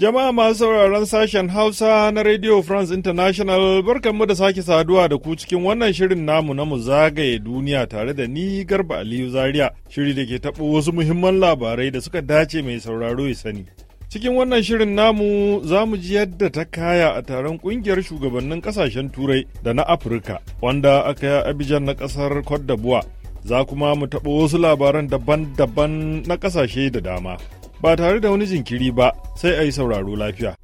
Jama'a masu sauraron sashen Hausa na Radio France International barkanmu da sake saduwa da ku cikin wannan shirin namu na mu zagaye duniya tare da ni Garba Aliyu Zaria, shiri da ke taɓo wasu muhimman labarai da suka dace mai sauraro ya sani. Cikin wannan shirin namu za mu ji yadda ta kaya a taron kungiyar shugabannin kasashen Turai da na Afirka, wanda aka yi abijan na ƙasar Cote d'Ivoire. Za kuma mu taɓo wasu labaran daban-daban na ƙasashe da dama. ba tare da wani jinkiri ba sai a yi sauraro lafiya.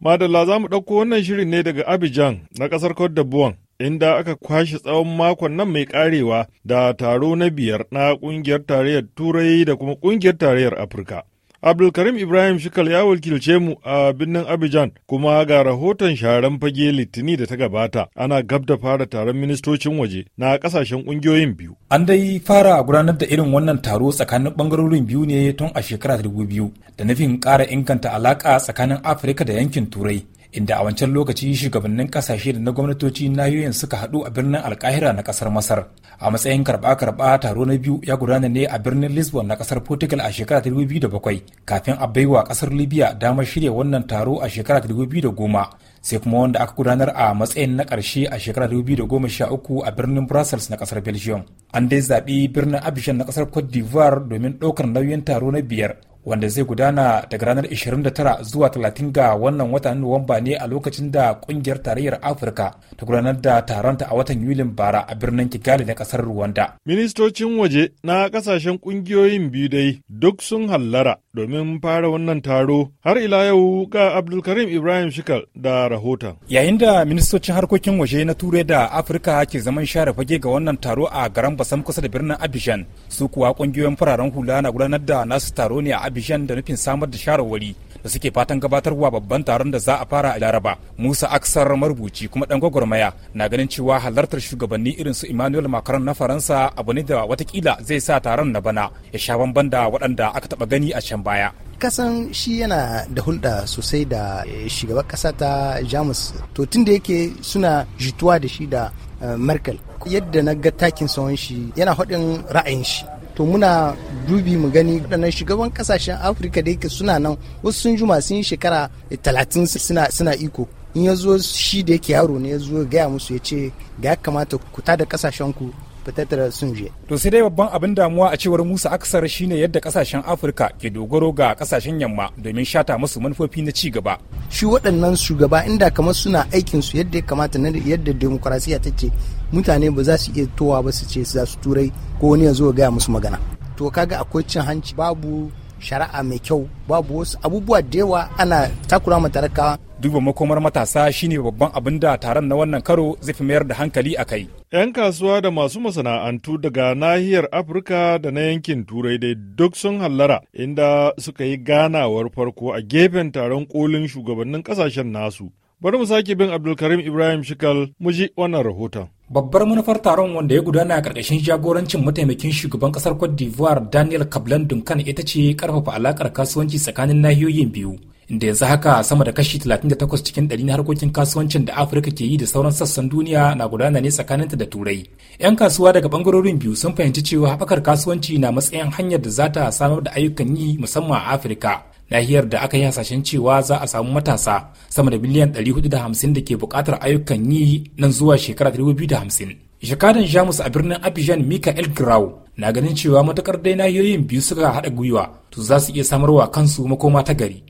Madalla za mu ɗauko wannan shirin ne daga Abidjan na ƙasar Cote d'Ivoire. Inda aka kwashe tsawon makon nan mai karewa da taro na biyar na ƙungiyar tarayyar Turai da kuma ƙungiyar tarayyar Afirka. Abdulkarim Ibrahim Shikal ya wakilce mu a birnin Abidjan kuma ga rahoton sharan fage Litini da ta gabata ana gab da fara taron ministocin waje na kasashen kungiyoyin biyu. An dai fara gudanar da irin wannan taro tsakanin bangarorin biyu ne tun a shekara biyu da nufin ƙara inganta alaƙa tsakanin Afirka da yankin Turai. inda a wancan lokaci shugabannin kasashe da na gwamnatoci nahiyoyin suka haɗu a birnin alkahira na kasar masar a matsayin karɓa-karɓa taro na biyu ya gudana ne a birnin lisbon na ƙasar portugal a shekara ta 2007 kafin a baiwa ƙasar libya damar shirya wannan taro a shekara ta 2010 sai kuma wanda aka gudanar a matsayin na ƙarshe a shekarar 2013 a birnin brussels na ƙasar belgium an dai zaɓi birnin abidjan na ƙasar cote d'ivoire domin ɗaukar nauyin taro na biyar wanda zai gudana daga ranar 29 zuwa 30 ga wannan watan Nuwamba ne a lokacin da kungiyar tarayyar Afirka ta gudanar da taronta a watan Yulin bara a birnin Kigali na kasar ruwanda. Ministocin waje na kasashen kungiyoyin biyu dai duk sun hallara domin fara wannan taro har ila yau ga abdulkarim ibrahim shikal da rahoton yayin da ministocin harkokin waje na turai da afirka ke zaman share fage ga wannan taro a garan basam kusa da birnin abidjan su kuwa kungiyoyin fararen hula na gudanar da nasu taro ne a abidjan da nufin samar da shawarwari da suke fatan gabatarwa babban taron da za a fara a laraba musa aksar marubuci kuma dan gwagwarmaya na ganin cewa halartar shugabanni irin su emmanuel macron na faransa abu ne da watakila zai sa taron na bana ya sha bamban da waɗanda aka taɓa gani a can baya kasan shi yana da hulɗa sosai da eh, shugaban ƙasa ta jamus to tun da yake suna jituwa da shi da eh, merkel yadda na ga takin sawan shi yana haɗin ra'ayin shi to muna dubi mu gani waɗannan shugaban ƙasashen afirka da yake suna nan wasu sun juma sun yi shekara talatin suna iko in ya zo shi da yake yaro ne ya zo gaya musu ya ce ga ya kamata ku ta da ƙasashen ku fitattar sun je. To sai dai babban abin damuwa a cewar Musa Aksar shine yadda kasashen Afirka ke dogaro ga kasashen yamma domin shata musu manufofi na ci gaba. Shi waɗannan shugaba inda kamar suna aikin su yadda ya kamata na yadda demokrasiya ce mutane ba za su iya towa ba su ce za su turai ko wani ya zo gaya musu magana. To kaga akwai cin hanci babu shari'a mai kyau babu wasu abubuwa da yawa ana takura mata talakawa duba makomar matasa shine babban abin da taron na wannan karo zai fi mayar da hankali a kai. 'Yan kasuwa da masu masana'antu daga nahiyar Afirka da na yankin Turai dai duk sun hallara inda suka yi ganawar farko a gefen taron kolin shugabannin kasashen nasu. Bari mu sake bin Abdulkarim Ibrahim Shikal mu ji wannan rahoton. Babbar manufar taron wanda ya gudana a ƙarƙashin jagorancin mataimakin shugaban ƙasar Cote d'Ivoire Daniel Kablan Duncan ita ce karfafa alaƙar kasuwanci tsakanin nahiyoyin biyu. inda yanzu haka sama da kashi 38 cikin ɗari na harkokin kasuwancin da Afirka ke yi da sauran sassan duniya na gudana ne tsakaninta da Turai. 'Yan kasuwa daga bangarorin biyu sun fahimci cewa haɓakar kasuwanci na matsayin hanyar da za ta samar da ayyukan yi musamman a Afirka. nahiyar da aka yi hasashen cewa za a samu matasa sama da miliyan 450 da ke buƙatar ayyukan yi nan zuwa shekara 2050. jakadan jamus a birnin abidjan mikael grau na ganin cewa matakar dai nahiyoyin biyu suka haɗa gwiwa to za su iya samarwa kansu makoma ta gari.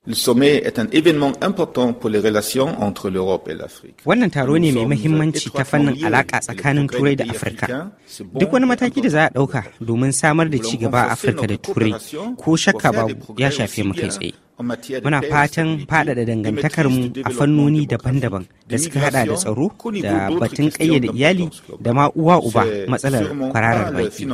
Wannan taro ne mai mahimmanci ta fannin alaƙa tsakanin Turai da Afirka. Duk wani mataki da za a ɗauka domin samar da ci gaba a Afirka da Turai ko shakka babu ya shafe mu kai tsaye. Muna fatan faɗaɗa dangantakarmu a fannoni daban-daban da suka haɗa da tsaro da batun ƙayyade iyali da ma uwa uba matsalar kwararar baki.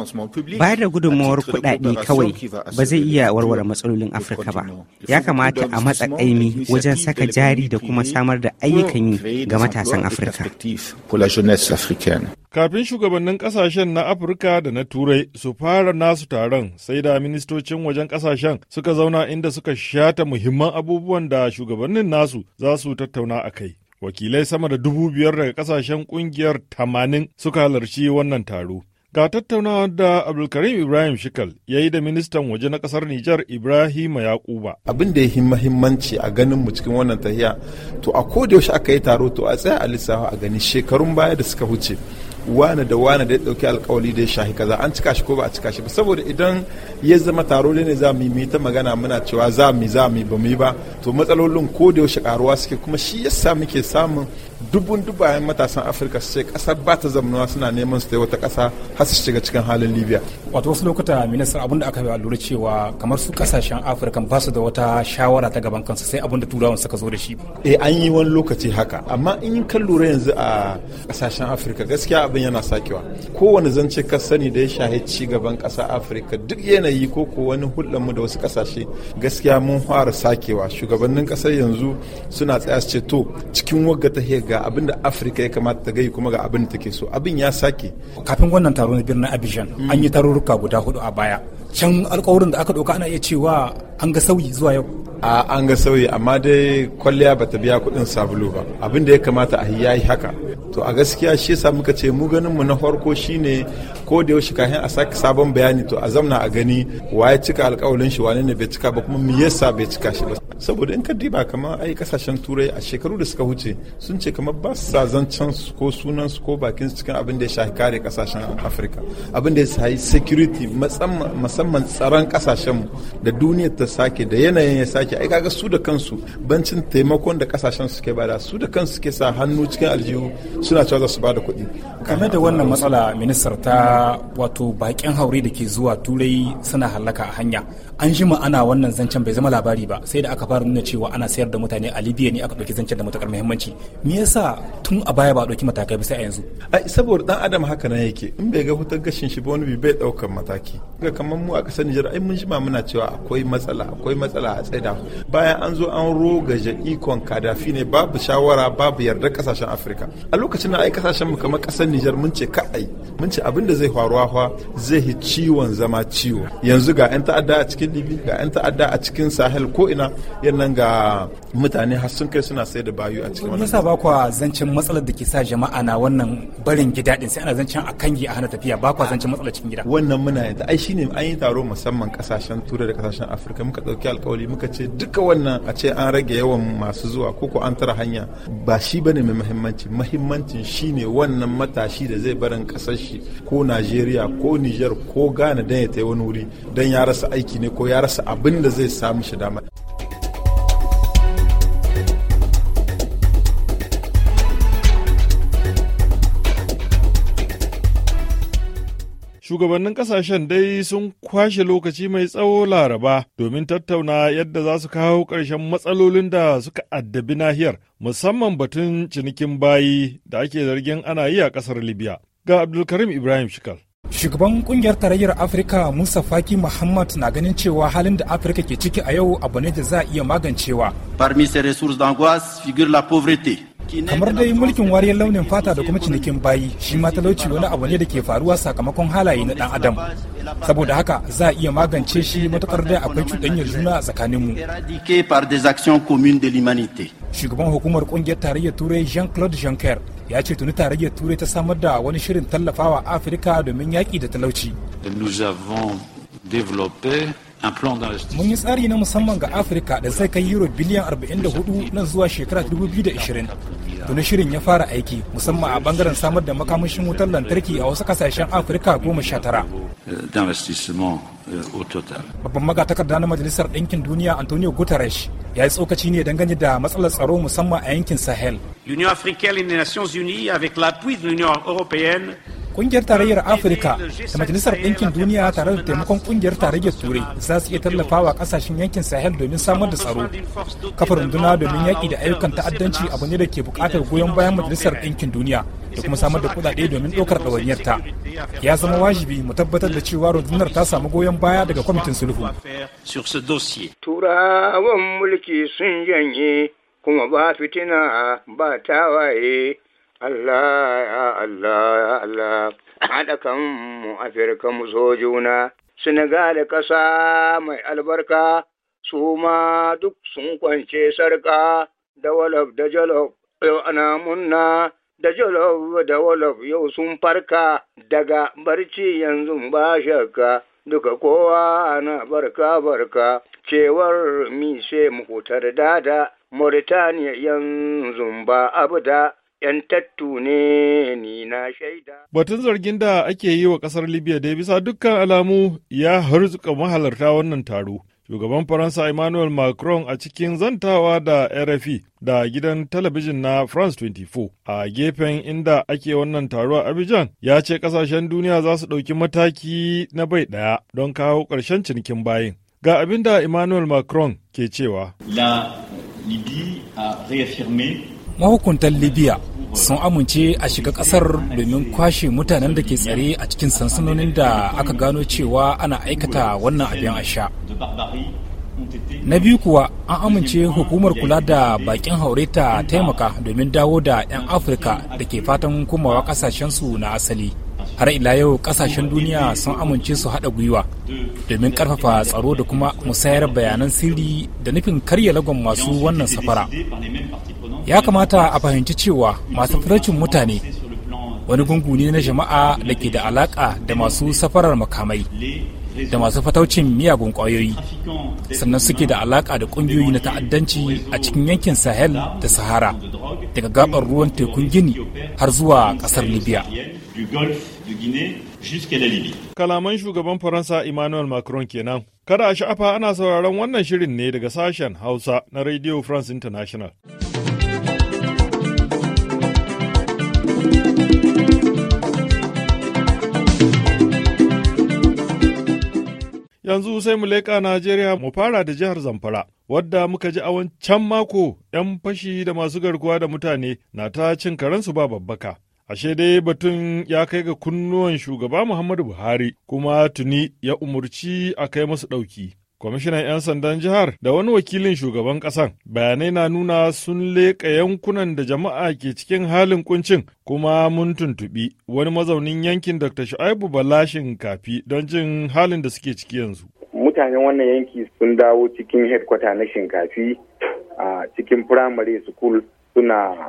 Bayar da gudunmawar kuɗaɗe kawai ba zai iya warware matsalolin Afirka ba. Ya kamata a matsa ƙaimi wajen saka jari da kuma samar da ayyukan yi ga matasan Afirka. Kafin shugabannin kasashen na Afirka da na Turai su fara nasu taron sai da ministocin wajen kasashen suka zauna inda suka shata muhimman abubuwan da shugabannin nasu za su tattauna a kai. Wakilai sama da dubu biyar daga kasashen kungiyar tamanin suka halarci wannan taro. Ga tattaunawa da Abdulkarim Ibrahim Shikal ya yi da ministan waje na kasar Nijar Ibrahim Yakuba. Abin da ya yi mahimmanci a ganin mu cikin wannan tahiya, to a koda yaushe aka yi taro to a tsaya a lissafa a ganin shekarun baya da suka wuce. wane da wane da ya dauki alkawali da ya shahi kaza an cika shi ko ba a cika shi ba saboda idan ya zama taro ne za mu yi ta magana muna cewa za mu yi za mu ba mu yi ba to matsalolin ko da yaushe karuwa suke kuma shi yasa muke samun dubun dubayen matasan afirka su ce kasar ba ta zamanuwa suna neman su wata kasa har su shiga cikin halin libya wato wasu lokuta minista abin da aka yi lura cewa kamar su kasashen afirka ba su da wata shawara ta gaban kansu sai abin da turawan suka zo da shi eh an yi wani lokaci haka amma in kan lura yanzu a kasashen afirka gaskiya abin yana sakewa kowane zance ka sani da ya shahi ci gaban kasa afirka duk yanayi ko ko wani hulɗar mu da wasu kasashe gaskiya mun fara sakewa shugabannin kasar yanzu suna tsaya su ce to cikin wagga ta ga abin da afirka ya kamata ta gai kuma ga abin da take so abin ya sake kafin wannan taro na birnin abidjan mm. an yi tarurruka guda hudu a baya can alkawarin da aka ɗauka ana iya cewa an ga sauyi zuwa yau a an ga sauyi amma dai kwalliya ba ta biya kuɗin sabulu ba abin da ya kamata a yi haka to a gaskiya shi yasa muka ce mu ganin mu na farko shine ko da yaushe kafin a saki sabon bayani to a zamna a gani waye cika alkawalin shi wane ne bai cika ba kuma me yasa bai cika shi ba saboda in ka diba kamar ai kasashen turai a shekaru da suka wuce sun ce kamar ba sa zancen ko sunan su ko bakin su cikin abin da ya shafi kare kasashen afirka abin da ya shafi security musamman tsaron kasashen mu da duniya ta sake da yanayin ya sake ai kaga su da kansu bancin taimakon da kasashen suke bada su da kansu suke sa hannu cikin aljihu suna cewa za su bada kuɗi game da wannan matsala ministar ta wato bakin haure da ke zuwa turai suna halaka a hanya an jima ana wannan zancen bai zama labari ba sai da aka labarin na cewa ana sayar da mutane a libya ne aka ɗauki zancen da matukar muhimmanci me yasa tun a baya ba a ɗauki matakai bisa a yanzu ai saboda dan adam haka nan yake in bai ga hutar gashin shi ba wani bai bai ɗaukar mataki ga kamar mu a ƙasar Nijar ai mun jima muna cewa akwai matsala akwai matsala a tsaida bayan an zo an rogaje ikon kadafi ne babu shawara babu yarda kasashen afirka a lokacin na ai kasashen mu kamar ƙasar Nijar mun ce ka'ai mun ce abin da zai faruwa fa zai yi ciwon zama ciwo yanzu ga 'yan ta'adda a cikin libi ga 'yan ta'adda a cikin sahel ko ina yan ga mutane har sun kai suna sai da bayu a cikin wannan yasa ba kwa zancen matsalar da ke sa jama'a na wannan barin gida din sai ana zancen a kangi a hana tafiya ba kwa zancen matsalar cikin gida wannan muna yin ai shine an yi taro musamman kasashen turai da kasashen afirka muka dauki alkawari muka ce duka wannan a ce an rage yawan masu zuwa ko ko an tara hanya ba shi bane mai muhimmanci muhimmancin shine wannan matashi da zai barin kasar shi ko Najeriya ko Niger ko Ghana dan ya tayi wani wuri dan ya rasa aiki ne ko ya rasa abin da zai samu shi dama Shugabannin kasashen dai sun kwashe lokaci mai tsawo laraba domin tattauna yadda za su kawo ƙarshen matsalolin da suka addabi nahiyar musamman batun cinikin bayi da ake zargin ana yi a ƙasar Libya. Ga Abdulkarim Ibrahim Shikal. Shugaban kungiyar tarayyar Afirka Musa Faki Muhammad na ganin cewa halin da Afirka ke ciki a yau abu ne da za a iya magancewa. kamar dai mulkin wariyar launin fata da kuma cinikin bayi shi ma talauci wani abu ne da ke faruwa sakamakon halaye na dan adam saboda haka za a iya magance shi matukar dai akwai cuɗanyar juna a tsakaninmu shugaban hukumar kungiyar tarayyar turai jean claude juncker ya ce tuni tarayyar turai ta samar da wani shirin tallafawa afirka domin yaƙi da talauci nous avons développé Mun yi tsari na musamman ga Afirka da zai kai euro biliyan 44 nan zuwa shekara 2020. Tuni shirin ya fara aiki musamman a bangaren samar da makamashin wutar lantarki a wasu kasashen Afirka goma sha tara. Euh, Babban magatakarda na Majalisar Ɗinkin Duniya Antonio Guterres ya yi tsokaci ne dangane da matsalar tsaro musamman a yankin Sahel. L'Union africaine et Nations unies avec l'appui de l'Union européenne Kungiyar Tarayyar Afirka da Majalisar Ɗinkin Duniya tare da taimakon Kungiyar Tarayyar Turai za su iya tallafawa ƙasashen yankin Sahel domin samar da tsaro. Kafar runduna domin yaƙi da ayyukan ta'addanci abu ne da ke buƙatar goyon bayan Majalisar Ɗinkin Duniya da kuma samar da kuɗaɗe domin ɗaukar ɗawainiyar ta. Ya zama wajibi mu tabbatar da cewa rundunar ta samu goyon baya daga kwamitin sulhu. Turawan mulki sun janye kuma ba fitina ba tawaye Allah ya Allah ya Allah haɗa kanmu Afirka mu juna Senegal ƙasa mai albarka su ma duk sun kwance sarƙa da walaf da jalof yau ana munna da jalof da walaf yau sun farka daga barci yanzu ba shakka duka kowa ana barka barka cewar mi sai mu hutar dada Mauritania yanzu ba abu da 'yan tattu ne ni na shaida. Batun zargin da ake yi wa ƙasar Libya dai bisa dukkan alamu ya harzuka mahalarta wannan taro. Shugaban Faransa Emmanuel Macron a cikin zantawa da RFI da gidan talabijin na France 24 a gefen inda ake wannan taro a Abidjan ya ce ƙasashen duniya za su ɗauki mataki na bai ɗaya don kawo ƙarshen cinikin bayin. Ga abin da Emmanuel Macron ke cewa. La Libye a réaffirmé mahukuntan libya sun amince a shiga kasar domin kwashe mutanen da ke tsare a cikin sansanonin da aka gano cewa ana aikata wannan abin asha na biyu kuwa an amince hukumar kula da bakin haure ta taimaka domin dawo da 'yan afirka da ke fatan komawa kasashensu na asali har ila yau kasashen duniya sun amince su haɗa gwiwa domin ƙarfafa tsaro da kuma musayar bayanan sirri da nufin karya lagon masu wannan safara ya kamata a fahimci cewa masu farcin mutane wani gungu ne na jama'a da ke da alaka da masu safarar makamai da masu fataucin miyagun ƙwayoyi sannan suke da alaka da ƙungiyoyi na ta'addanci a cikin yankin sahel da sahara daga gabar ruwan tekun gini har zuwa ƙasar libya kalaman shugaban faransa emmanuel macron kenan kada a sha'afa ana sauraron wannan shirin ne daga sashen hausa na radio france international Yanzu sai mu leƙa Najeriya mu fara da jihar Zamfara, wadda muka ji a wancan mako ‘yan fashi da masu garkuwa da mutane na ta cin karensu ba babbaka. Ashe dai batun ya kai ga kunnuwan shugaba Muhammadu Buhari kuma tuni ya umurci a kai masu ɗauki. kwamishinan 'yan sandan jihar da wani wakilin shugaban kasan Bayanai na nuna sun leƙa yankunan da jama'a ke cikin halin kuncin kuma mun tuntuɓi wani mazaunin yankin Dr. Shu'aibu Balashin Kafi don jin halin da suke ciki yanzu. Mutanen wannan yanki sun dawo cikin headquarter na shinkafi a cikin primary school suna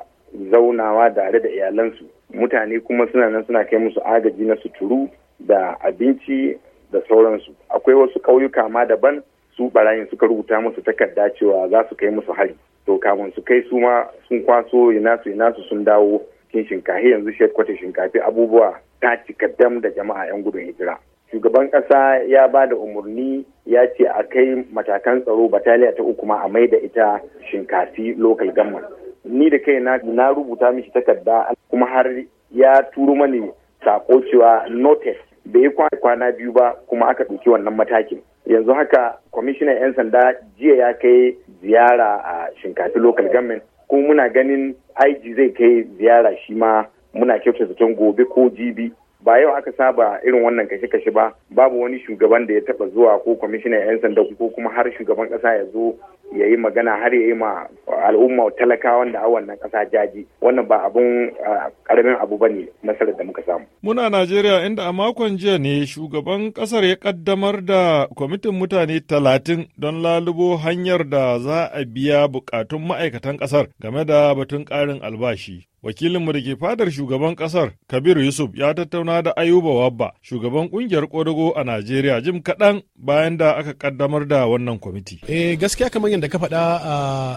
zaunawa tare da iyalansu. Mutane kuma suna nan suna kai musu agaji na suturu da abinci da sauransu. akwai wasu ƙauyuka ma daban su barayin suka rubuta musu takarda cewa za su kai musu hari to kamun su kai su ma sun kwaso ina su ina su sun dawo kin shinkafi yanzu shi kwata shinkafi abubuwa ta cika dam da jama'a yan gudun hijira shugaban ƙasa ya ba da umarni ya ce a kai matakan tsaro bataliya ta uku ma a mai da ita shinkafi local government ni da kai na rubuta mishi takarda kuma har ya turo mani sako cewa notice bai yi kwana biyu ba kuma aka ɗauki wannan matakin yanzu haka kwamishinan 'yan sanda jiya ya kai ziyara a shinkafi local government kuma muna ganin IG zai kai ziyara shi ma muna kyauta zaton gobe ko jibi ba yau aka saba irin wannan kashe-kashe ba babu wani shugaban da ya taba zuwa ko kwamishinan 'yan sanda ko kuma har shugaban ƙasa ya zo ya yi magana har ya yi ma al'umma talakawan da a wannan ƙasa jaji wannan ba abun ƙaramin abu ba ne nasarar da muka samu. Muna Najeriya inda a makon jiya ne shugaban ƙasar ya ƙaddamar da kwamitin mutane talatin don lalubo hanyar da za a biya buƙatun ma'aikatan ƙasar game da batun ƙarin albashi. Wakilinmu da ke fadar shugaban kasar Kabiru Yusuf ya tattauna da Ayuba Wabba, shugaban kungiyar Kodago a Najeriya jim kaɗan bayan da aka kaddamar da wannan kwamiti. Eh gaskiya kamar yadda ka faɗa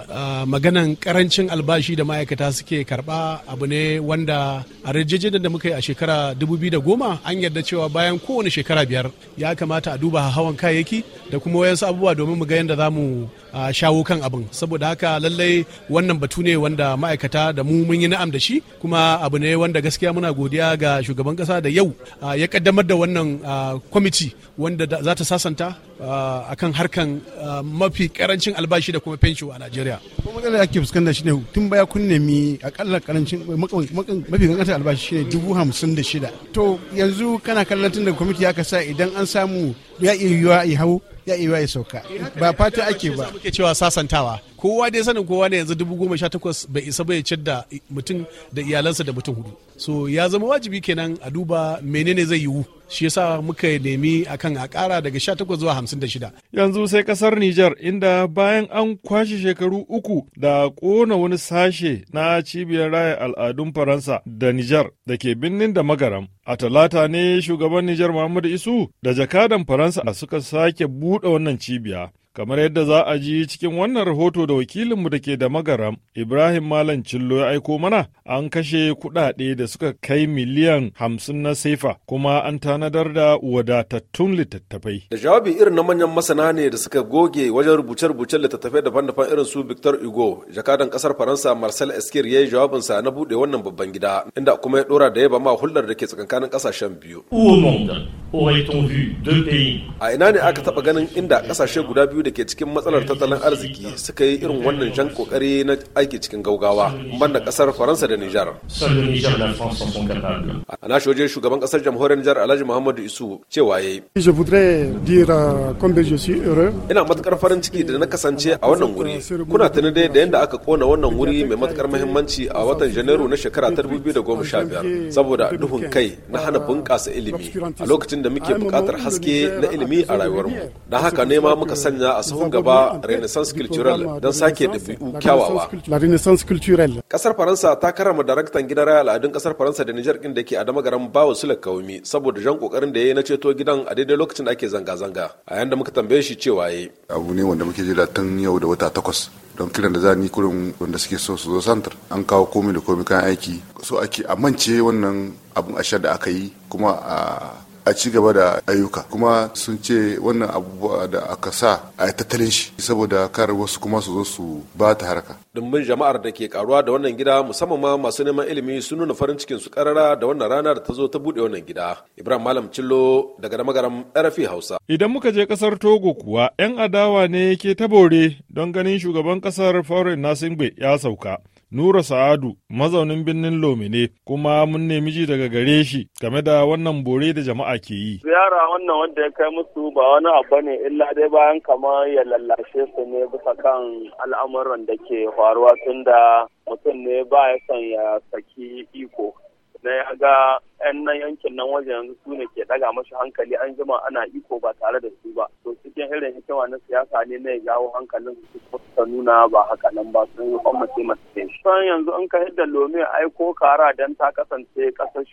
a maganan karancin albashi da ma'aikata suke karɓa abu ne wanda a rajejin da muka yi a shekara 2010 an yarda cewa bayan kowane shekara biyar ya kamata a duba hawan kayayyaki da kuma wayansu abubuwa domin mu ga yadda za mu shawo kan abin saboda haka lallai wannan batu ne wanda ma'aikata da mu mun yi na'am da da shi kuma abu ne wanda gaskiya muna godiya ga shugaban kasa da yau ah, ya kaddamar da wannan ah, kwamiti wanda za ta sasanta a kan harkan mafi karancin albashi da kuma fensho a najeriya kuma magana da ake fuskanta shine tun baya kun nemi akalla karancin mafi kankantar albashi shine dubu hamsin da shida to yanzu kana kallon tun da kwamiti ya kasa idan an samu ya iya yiwuwa ya hau ya iya ya sauka ba fata ake ba muke cewa sasantawa kowa dai sanin kowa ne yanzu dubu goma sha takwas bai isa bai ciyar da mutum da iyalansa da mutum hudu so ya zama wajibi kenan a duba menene zai yiwu shi yasa muka nemi akan a kara daga sha 18 zuwa 56 yanzu sai kasar Nijar inda bayan an kwashe shekaru uku da kona wani sashe na cibiyar raya al'adun Faransa da Nijar da ke birnin da magaram a talata ne shugaban Nijar Muhammadu Isu da jakadan Faransa suka sake buɗe wannan cibiya Kamar yadda za a ji cikin wannan rahoto da wakilinmu da ke da magaram, Ibrahim Malam Cillo ya aiko mana an kashe kuɗaɗe da suka kai miliyan hamsin na saifa kuma an tanadar da wadatattun littattafai. Da jawabi irin na manyan masana ne da suka goge wajen rubuce-rubucen littattafai daban-daban irin su Victor Hugo, jakadan kasar Faransa Marcel esquer ya yi jawabinsa na buɗe wannan babban gida, inda kuma ya ɗora da ya ba ma hulɗar da ke tsakankanin ƙasashen biyu. A ina ne aka taɓa ganin inda ƙasashe guda biyu biyu da ke cikin matsalar tattalin arziki suka yi irin wannan jan kokari na aiki cikin gaugawa banda kasar faransa da nijar a nashi shugaban kasar jamhuriyar nijar alhaji muhammadu isu cewa ya yi euh, ina matukar farin ciki da na kasance a wannan wuri euh, kuna tuni dai da yadda aka kona wannan wuri mai matukar muhimmanci a watan janairu na shekara ta 2015 saboda duhun kai na hana bunkasa ilimi a lokacin da muke bukatar haske na ilimi a rayuwarmu don haka ne ma muka sanya sanya a sahun gaba Renaissance Culturelle don sake ɗabi'u kyawawa. Kasar Faransa ta karama daraktan gidan raya al'adun kasar Faransa da Nijar din da ke Adama garan Bawo Sule Kawumi saboda jan kokarin da ya yi na ceto gidan a daidai lokacin da ake zanga-zanga. A yanda muka tambaye shi cewa ya Abu ne wanda muke jira tun yau da wata takwas don kiran da za ni kurin wanda suke so su zo santar an kawo komai da komai kayan aiki so ake amince wannan abun ashar da aka yi kuma a a ci gaba da ayyuka kuma sun ce wannan abubuwa da aka sa a tattalin shi saboda kar wasu kuma su zo su ba ta harka dumbin jama'ar da ke karuwa da wannan gida musamman ma masu neman ilimi sun nuna farin cikin su karara da wannan rana da ta zo ta bude wannan gida ibrahim malam cillo daga da magaram rfi hausa idan muka je kasar togo kuwa yan adawa ne ke tabore don ganin shugaban kasar faure nasingbe ya sauka Nura Sa'adu mazaunin birnin lomine kuma mun nemi ji daga gare shi game da wannan bore da jama'a ke yi. Ziyara wannan wanda ya kai musu ba wani abu ne illa dai bayan kamar ya lallashe su ne bisa kan al'amuran da ke faruwa tunda mutum ne ba ya son ya saki iko. Na ya ga 'yan nan yankin nan wajen su ne ke daga masu hankali an jima ana iko ba tare da su ba to cikin irin hikima na siyasa ne na jawo hankalin su ta nuna ba haka nan ba sun yi ce masu shi. Son yanzu in ka hidda lomi aiko kara dan ta kasance kasar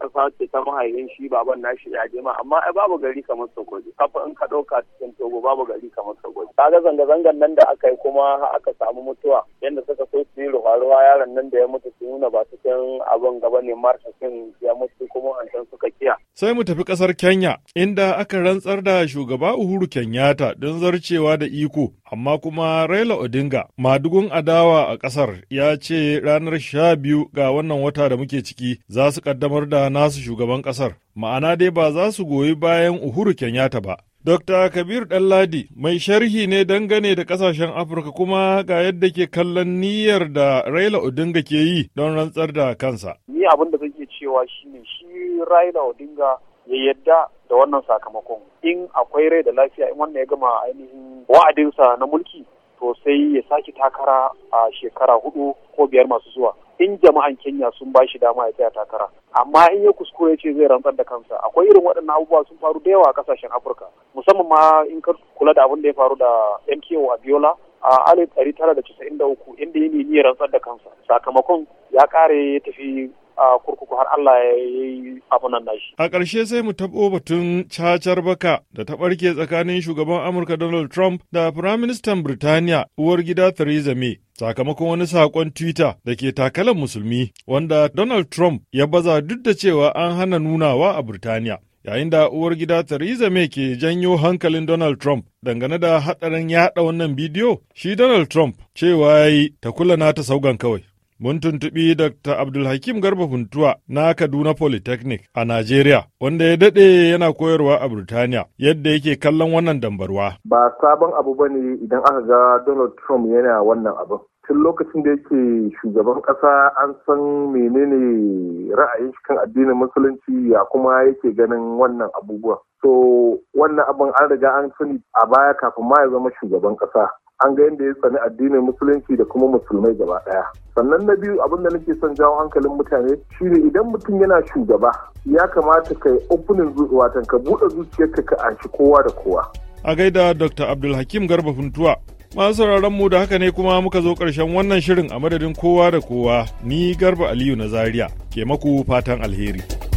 kasa ce ta mahaifin shi baban nashi ya jima amma ai babu gari kamar sokoji kafin in ka ɗauka cikin Togo babu gari kamar Sokoto. Kaga zanga-zangan nan da aka yi kuma aka samu mutuwa yadda suka so su yi ruwa-ruwa yaron nan da ya mutu su nuna ba cikin abin gaba ne marshakin ya musu kuma wancan suka kiya. Sai mu tafi ƙasar Kenya inda aka rantsar da shugaba Uhuru Kenyatta don zarcewa da iko amma kuma Raila Odinga madugun adawa a ƙasar ya ce ranar sha biyu ga wannan wata da muke ciki za su ƙaddamar da nasu shugaban ƙasar. Ma'ana dai ba za su goyi bayan Uhuru Kenyatta ba. Dr. Kabir Ɗanladi mai sharhi ne dangane da ƙasashen Afirka kuma ga yadda ke kallon niyyar da Raila Odinga ke yi don rantsar da kansa. Ni abin da kake cewa shine shi Raila Odinga ya yadda da wannan sakamakon in akwai rai da lafiya in wannan ya gama ainihin wa'adinsa na mulki to sai ya sake takara a shekara hudu ko biyar masu zuwa in jama'an kenya sun ba shi dama ya tsaya takara amma in ya kuskure ya ce zai rantsar da kansa akwai irin waɗannan abubuwa sun faru da yawa a kasashen afirka musamman ma in ka kula da abin da ya faru da mko abiola a alif ɗari tara da casa'in da uku inda ya nemi rantsar da kansa sakamakon ya ƙare ya tafi a kurkuku har Allah ya yi abunan nashi. A ƙarshe sai mu taɓo batun cacar baka da ta ɓarke tsakanin shugaban Amurka Donald Trump da Firaministan Birtaniya uwar gida Theresa May. Sakamakon wani saƙon Twitter da ke takalan musulmi wanda Donald Trump ya baza duk da cewa an hana nunawa a Birtaniya. Yayin da uwar gida Theresa May ke janyo hankalin Donald Trump dangane da hatsarin yaɗa wannan bidiyo, shi Donald Trump cewa ya yi ta kula na ta saugan kawai. Mun tuntuɓi Dr. Abdulhakim Garba Funtuwa na Kaduna Polytechnic a Najeriya, wanda ya daɗe yana koyarwa a Burtaniya, yadda yake kallon wannan dambarwa. Ba sabon abu ba ne idan aka ga Donald Trump yana wannan abin. Tun lokacin da yake shugaban ƙasa an san menene ra'ayin shi kan addinin musulunci ya kuma yake ganin wannan abubuwa. So wannan abin an riga an sani a baya kafin ma ya zama shugaban ƙasa. an ga yadda ya tsani addinin musulunci da kuma musulmai gaba daya sannan na biyu abin da nake son jawo hankalin mutane shine idan mutum yana shugaba ya kamata ka yi opening watan ka buɗe zuciyarka ka anshi kowa da kowa a gaida dr abdulhakim garba funtuwa masu sauraron mu da haka ne kuma muka zo ƙarshen wannan shirin a madadin kowa da kowa ni garba aliyu na zaria ke maku fatan alheri